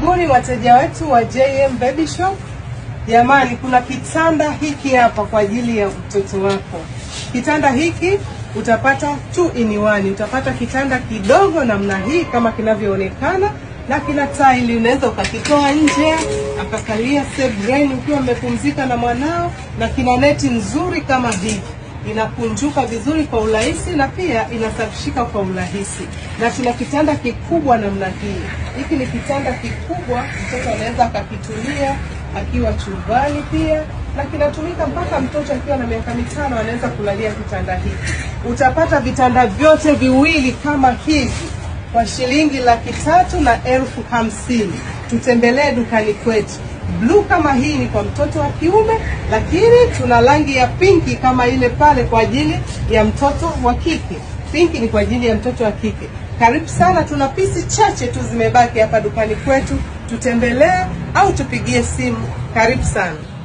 Karibuni wateja wetu wa JM Baby Shop. Jamani, kuna kitanda hiki hapa kwa ajili ya mtoto wako. Kitanda hiki utapata 2 in one. Utapata kitanda kidogo namna hii kama kinavyoonekana na kina tile, unaweza ukakitoa nje akakalia sebreni ukiwa umepumzika na mwanao, na kina neti nzuri kama hivi inakunjuka vizuri kwa urahisi na pia inasafishika kwa urahisi, na tuna kitanda kikubwa namna hii. Hiki ni kitanda kikubwa, mtoto anaweza akakitumia akiwa chumbani pia, na kinatumika mpaka mtoto akiwa na miaka mitano anaweza kulalia kitanda hiki. Utapata vitanda vyote viwili kama hivi kwa shilingi laki tatu na elfu hamsini. Tutembelee dukani kwetu. Bluu kama hii ni kwa mtoto wa kiume, lakini tuna rangi ya pinki kama ile pale kwa ajili ya mtoto wa kike pinki ni kwa ajili ya mtoto wa kike. Karibu sana, tuna pisi chache tu zimebaki hapa dukani kwetu, tutembelee au tupigie simu. Karibu sana.